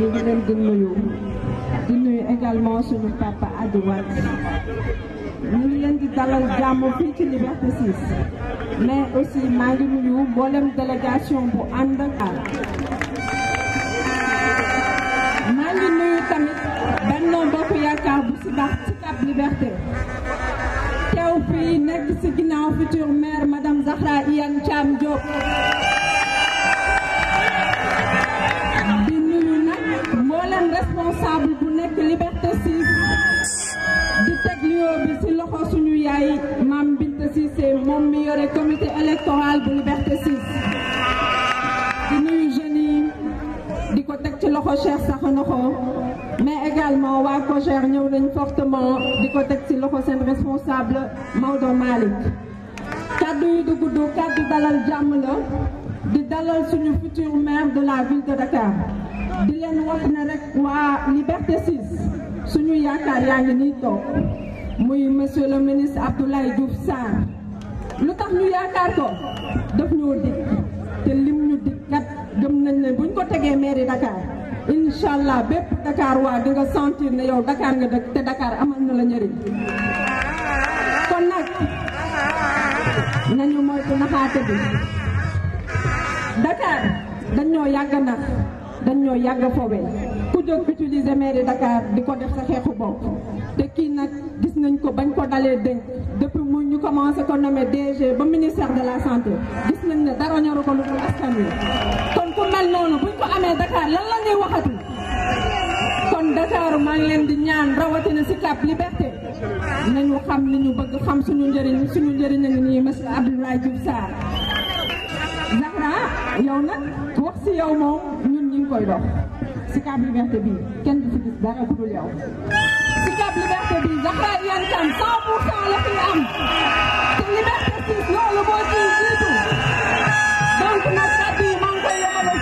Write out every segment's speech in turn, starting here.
ñu ngi leen di nuyu ci Liberté mboolem délégation bu ànd ak maa ngi nuyu tamit Benno Bokk Yaakaar bu si baax ci Cap Liberté teew fii nekk si ginnaaw futur maire madame Zahra Iyane Thiam Diop responsable bu nekk Liberté 6 di teg nuyoo ci loxo suñu yaay Mame Binta Cissé moom mi yore comité électoral bu Liberté 6 ko teg ci loxo Cheikh Sakhanoxo mais également ñëw nañ fortement di ko teg ci loxo seen responsable Maodo Malick kaddu yu du gudd kaddu dalal jàmm la di dalal suñu futur maire de la ville de Dakar di leen wax ne rek waa Liberté 6 suñu yaakaar yaa ngi nii toog muy monsieur le ministre Abdoulaye Diouf lu tax ñu yaakaar ko daf ñoo dikk te lim ñu dikk gëm nañ ne buñ ko tegee mairie Dakar incha bépp Dakar waa di nga ne yow Dakar nga dëkk te Dakar amal na la njëriñ kon nag nañu moytu naxaate bi Dakar dañoo yàgg nax dañ ñoo yàgg a fowee ku jóg utiliser mairie Dakar di ko def sa xeexu bopp te kii nag gis nañ ko bañ ko dalee dënk depuis mu ñu commencé ko nommé DG ba ministère de la santé gis nañ ne dara ñoru ko lu dul askan wi kon ku mel noonu buñ ko amee Dakar lan la ñuy waxati kon Dakar maa ngi leen di ñaan rawatina si Cap Liberté nañu xam li ñu bëgg xam suñu njëriñ suñu njëriñ a ngi nii monsieur Abdoulaye Diouf Sarr Zahra yow nag wax si yaw moom koy dox Sicap Liberté bi kenn du fi gis dara ku dul yow Sicap Liberté bi Zahra Iyane Kane 100 pour cent la fi am te Liberté 6 loolu moo ciy jiitu donc nag kàddu yi maa ngi koy yemale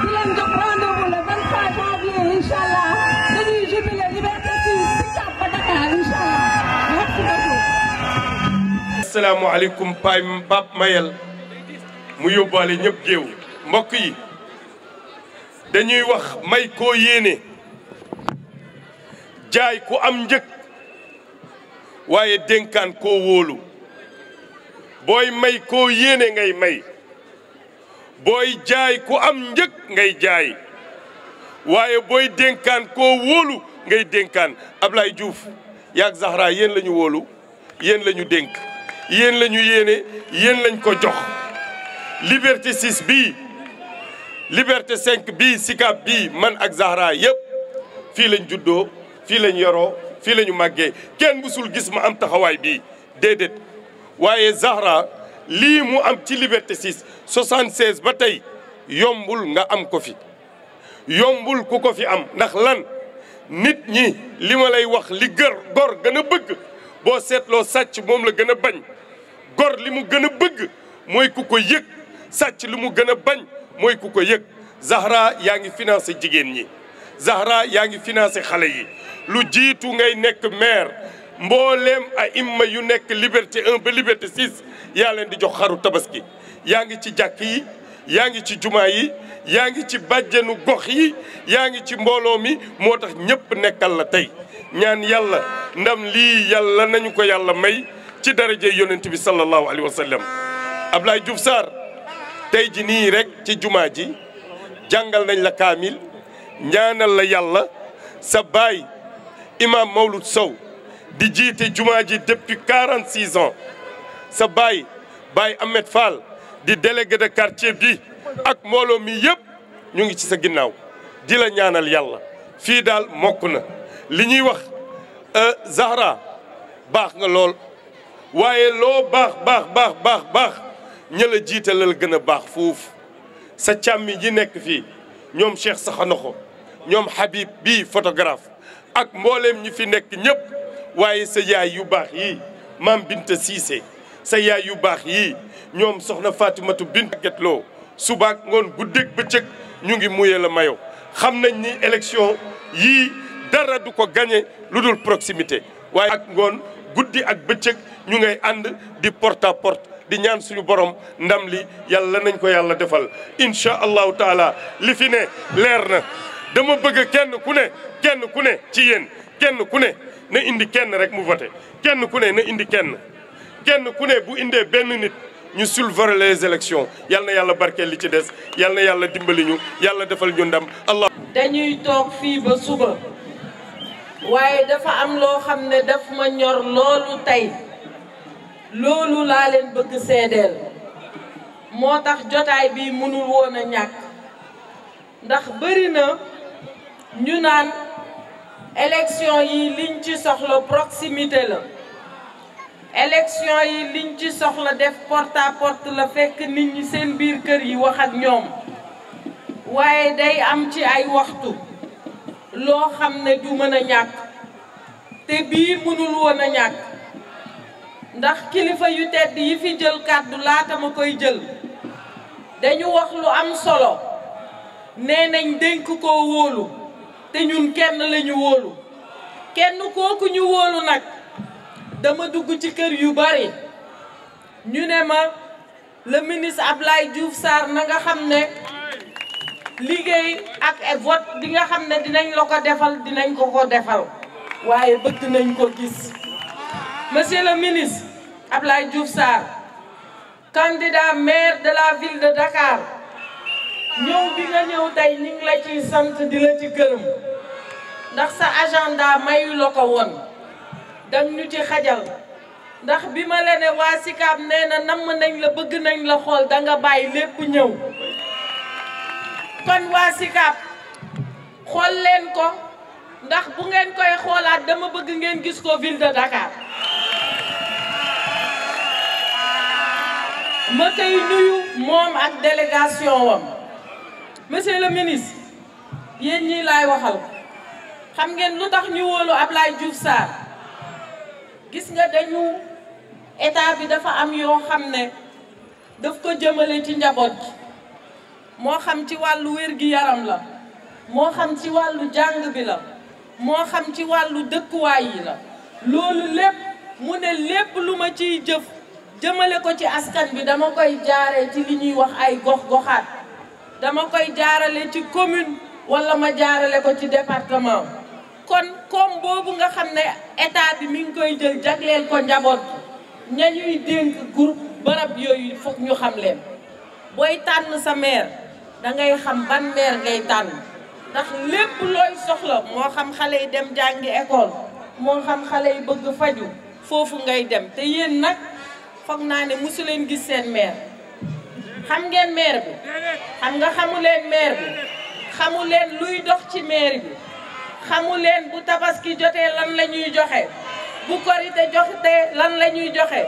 di leen jox rendez-vous le 25 janvier incha allah dañuy jubilé Liberté 6 Sicap ba Dakar incha Mayel mu yóbbaale ñëpp géew yi. dañuy wax may koo yéene jaay ku am njëg waaye dénkaan koo wóolu booy may koo yéene ngay may booy jaay ku am njëg ngay jaay waaye booy dénkaan koo wóolu ngay dénkaan Ablaye Diouf yaag Zahra yéen lañu ñu wóolu yéen lañu ñu dénk yéen lañu yéene yéen lañ ko jox Liberté 6 bii liberté 5 bii Sicap bii man ak Zahra yëpp fii lañ juddoo fii lañ yoroo fii lañu màggee kenn musul gis ma am taxawaay bii déedéet waaye Zahra lii mu am ci liberté 6 76 ba tey yombul nga am ko fi yombul ku ko fi am ndax lan nit ñi li ma lay wax li gër gor gën a bëgg boo seetloo sàcc moom la gën a bañ gor li mu gën a bëgg mooy ku ko yëg sàcc li mu gën a bañ mooy ku ko yëg Zahra yaa ngi financé jigéen ñi Zahra yaa ngi financé xale yi lu jiitu ngay nekk maire mboolem a imma yu nekk liberté 1 ba liberté 6 yaa leen di jox xaru tabaski yaa ngi ci jàkk yi yaa ngi ci jumaa yi yaa ngi ci bàjjenu gox yi yaa ngi ci mbooloo mi moo tax ñëpp nekkal la tey ñaan yàlla ndam lii yàlla nañu ko yàlla may ci daraje yonent bi sallallahu alayhi wa sallam Ablaye Diouf Sarr tey ji nii rek ci jumaa ji jàngal nañ la kaamil ñaanal la yàlla sa baay imam Mawlud Sow di jiite jumaa ji depuis 46 ans sa baay baay Ahmed di délégué de quartier bi ak mbooloo mi yëpp ñu ngi ci sa ginnaaw di la ñaanal yàlla fii daal mokk na li ñuy wax euh, Zahra baax nga lool waaye loo baax baax baax baax ña la jiitalal gën a baax fuuf sa càmmi ji nekk fii ñoom Cheikh Saxanoxo ñoom Habib bii photographe ak mbooleem ñi fi nekk ñëpp waaye sa yaay yu baax yii maam Binta Cissé sa yaay yu baax yii ñoom soxna Fatimatu Binta Getloo subaak ngoon guddeeg bëccëg ñu ngi muyee la mayo xam nañ ni élection yii dara du ko gañe lu dul proximité waaye ak ngoon guddi ak bëccëg ñu ngay ànd di porte à di ñaan suñu borom ndam li yàlla nañ ko yàlla defal incha taala li fi ne leer na dama bëgg kenn ku ne kenn ku ne ci yéen kenn ku ne na indi kenn rek mu voté kenn ku ne na indi kenn kenn ku ne bu indee benn nit ñu sul les élections yal na yàlla barkeel li ci des yàlla yàlla dimbali ñu yàlla defal ñu ndam allah dañuy toog fii ba suba waaye dafa am loo xam ne daf ma ñor loolu tey loolu laa leen bëgg seedeel moo tax jotaay bii mënul woon a ñàkk ndax bëri na ñu naan élection yi liñ ci soxla proximité la élection yi liñ ci soxla def porte la fekk nit ñi seen biir kër yi wax ak ñoom waaye day am ci ay waxtu loo xam ne du mën a ñàkk te bii mënul woon a ñàkk ndax kilifa yu tedd yi fi jël kàddu laata ma koy jël dañu wax lu am solo nee nañ dénk ko wóolu te ñun kenn lañu wóolu kenn kooku ñu wóolu nag dama dugg ci kër yu bari ñu ne ma le ab lay Diouf saar na nga xam ne liggéey ak e vote bi nga xam ne dinañ la ko defal dinañ ko ko defal waaye bëgg nañ ko gis Monsieur le ministre Ablaye Diouf Sarr candidat maire de la ville de Dakar ñëw bi nga ñëw tey ñu ngi la ciy sant di la ci gërëm ndax sa agenda mayu la ko woon dang ñu ci xajal ndax bi ma la ne waa Sicap nee na namm nañ la bëgg nañ la xool da nga bàyyi lépp ñëw kon waa Sicap xool leen ko ndax bu ngeen koy xoolaat dama bëgg ngeen gis ko ville de ma koy nuyu moom ak délégation wam monsieur le ministre yéen ñii laay waxal xam ngeen lu tax ñu wóolu Ablaye Diouf Sarr gis nga dañu état bi dafa am yoo xam ne daf ko jëmale ci njaboot gi moo xam ci wàllu wér-gi-yaram la moo xam ci wàllu jàng bi la moo xam ci wàllu dëkkuwaay yi la loolu lépp mu ne lépp lu ma ciy jëf jëmale ko ci askan bi dama koy jaare ci li ñuy wax ay gox-goxaat dama koy jaarale ci commune wala ma jaarale ko ci département kon comme boobu nga xam ne état bi mi ngi koy jël jagleel ko njaboot ña ñuy dénk groupe barab yooyu foog ñu xam leen booy tànn sa maire da ngay xam ban maire ngay tànn ndax lépp looy soxla moo xam xale yi dem jàngi école moo xam xale yi bëgg faju foofu ngay dem te yéen nag foog naa ne mosu leen gis seen maire xam ngeen maire bi xam nga xamu leen maire bi xamu luy dox ci maire bi xamu leen bu tabaski jote lan la ñuy joxe bu korite joxte lan la ñuy joxe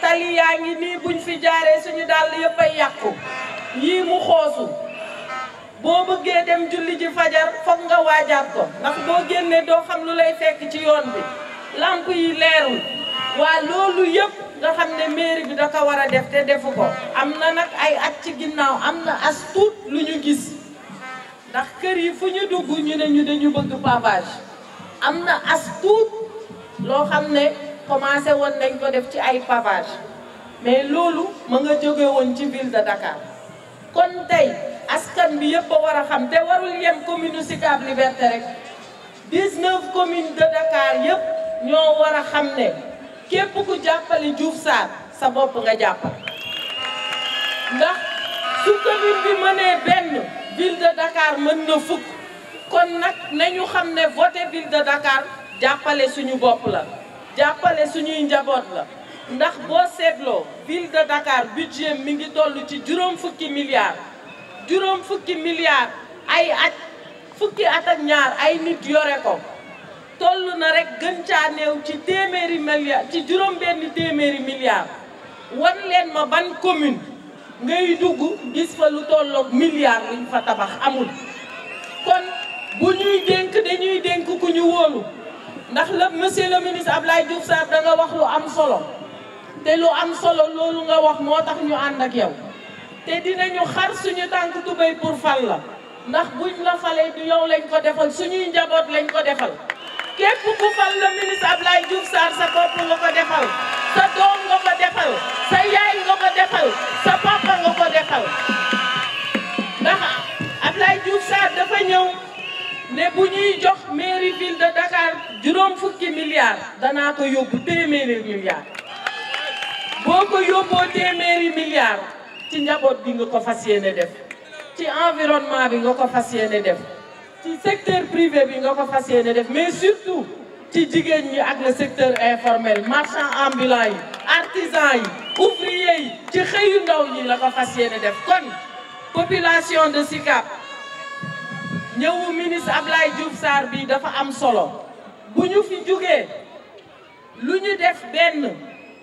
tali yaa ngi nii buñ fi jaare suñu dàll yëpp ay yàqu yii mu xoosu boo bëggee dem julli ji fajar foog nga waajaat ko ndax boo génnee doo xam lu lay fekk ci yoon bi lamp yi leerul waa loolu yëpp nga xam ne mairie bi da ko war a def te defu ko am na nag ay at ci ginnaaw am na as tuut lu ñu gis ndax kër yi fu ñu dugg ñu ne ñu dañu bëgg pavage am na as tuut loo xam ne commencé woon nañ ko def ci ay pavage mais loolu ma nga jóge woon ci ville de Dakar kon tey askan bi yëpp a war a xam te warul yem commune Sicap Liberté rek 19 communes de Dakar yëpp ñoo war a xam ne képp ku jàppali Diouf Sarr sa bopp nga jàppal ndax su commune bi mënee benn ville de mën na fukk kon nag nañu xam ne voté ville de Dakar jàppale suñu bopp la jàppale suñuy njaboot la ndax boo seetloo ville de Dakar budget mi ngi toll ci juróom fukki milliards juróom fukki milliards ay at fukki at ak ñaar ay nit yore ko toll na rek gën caa néew ci téeméeri milliard ci juróom-benn téeméeri milliard wan ma ban commune ngay dugg gis fa lu tolloog milliard luñ fa tabax amul. kon bu ñuy dénk dañuy dénk ku ñu wóolu ndax la monsieur le ministre Abdoulaye Diouf Sarr da wax lu am solo te lu am solo loolu nga wax moo tax ñu ànd ak yow te dinañu xar suñu tànk tubéy pour fal la ndax buñ la falee du yow lañ ko defal suñuy njaboot lañ ko defal. képp ku fal la ministre Abdoulaye Diouf Sarr sa bopp nga ko sa doom nga ko sa yaay nga ko sa papa nga ko defal ndax Abdoulaye Diouf dafa ñëw ne bu ñuy jox mairie ville de juróom fukki milliards danaa ko yóbbu téeméeri milliards boo ko yóbboo téeméeri milliards ci njaboot bi nga ko fas yéene def ci environnement bi nga ko fas def ci secteur privé bi nga ko fas yéene def mais surtout ci jigéen ñi ak le secteur informel marchand ambulant yi artisan yi ouvrier yi ci xëyu ndaw ñi la ko fas yéene def kon population de Sicap ñëwu ministre Ablaye Diouf Sarr bi dafa am solo bu ñu fi jógee lu ñu def benn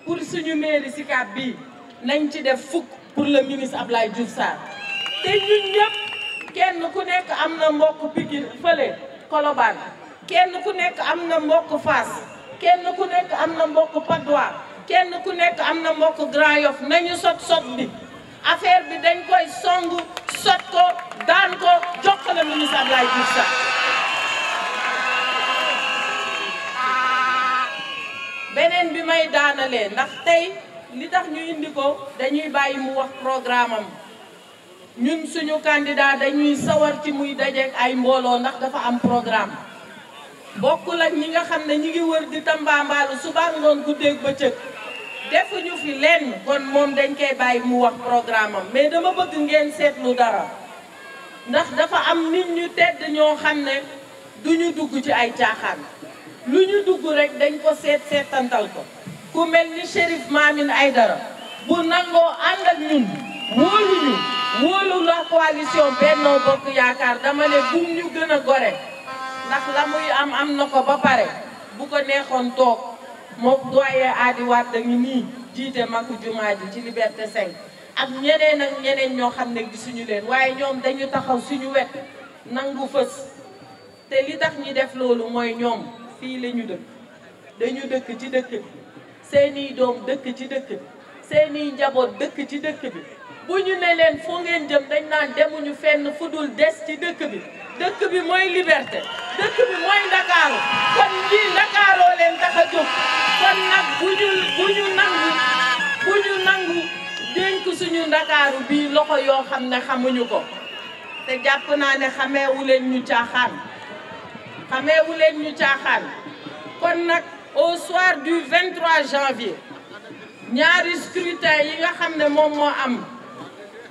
pour suñu mairie Sicap bi nañ ci def fukk pour le ministre Ablaye Diouf Sarr te ñun ñëpp kenn ku nekk am na mbokk Pikine fële Colobane kenn ku nekk am na mbokk Fass kenn ku nekk am na mbokk Patte kenn ku nekk am na mbokk Grand Yoff nañu sot sot bi affaire bi dañ koy songu sot ko daan ko jox la ministre Abdoulaye Diouf Sarr beneen bi may daanalee ndax tey li tax ñu indi ko dañuy bàyyi mu wax programme ñun suñu candidat dañuy sawar ci muy dajeek ay mbooloo ndax dafa am programme bokkul ak ñi nga xam ne ñi ngi wër di tambaambaalu suba ngoon guddeeg bëccëg defuñu fi leen kon moom dañ koy bàyyi mu wax programme am mais dama bëgg ngeen seet lu dara ndax dafa am nit ñu tedd ñoo xam ne duñu dugg ci ay caaxaan lu ñu dugg rek dañ ko seet seetantal ko ku mel ni Chérif Mamine Aïdara bu nangoo ànd ak ñun wóoluñu wóolu la coalition Benno Bokk Yaakaar dama ne bum ñu gën a gore ndax la muy am am na ko ba pare bu ko neexoon toog moo doyee aadi waat dañu nii jiite makku jumaa ji ci liberte 5 ak ñeneen ak ñeneen ñoo xam ne gisuñu leen waaye ñoom dañu taxaw suñu wet nangu fës te li tax ñi def loolu mooy ñoom fii la ñu dëkk dañu dëkk ci dëkk bi seeniy doom dëkk ci dëkk bi seeni njaboot dëkk ci dëkk bi bu ñu ne leen fu ngeen jëm dañ naan demuñu fenn fu dul des ci dëkk bi dëkk bi mooy liberté dëkk bi mooy ndakaaru kon lii ndakaaroo leen kon nag bu ñu bu ñu nangu bu ñu nangu suñu ndakaaru bii loxo yoo xam ne xamuñu ko te jàpp naa ne xameewu leen ñu caaxaan xameewu leen ñu caaxaan kon nag au soir du 23 janvier ñaari scrutin yi nga xam ne moom moo am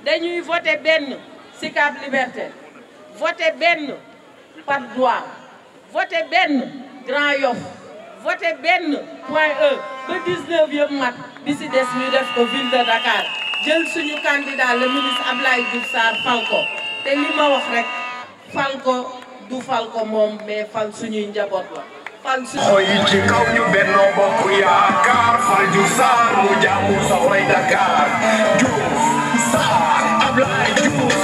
dañuy voté benn Sicap Liberté voté benn Patte d'Oie voté benn Grand Yoff voté benn Point E ba 19 yëpp mat bi si des ñu def ko ville de Dakar jël suñu candidat le ministre Abdoulaye Diouf Sarr fal ko te li ma wax rek fal ko du fal ko moom mais fal suñuy njaboot la fal suñu xoy ci kaw ñu Benno Bokk Yaakaar fal Diouf Sarr mu jàmm soxlay Dakar Diouf Sarr Thank you.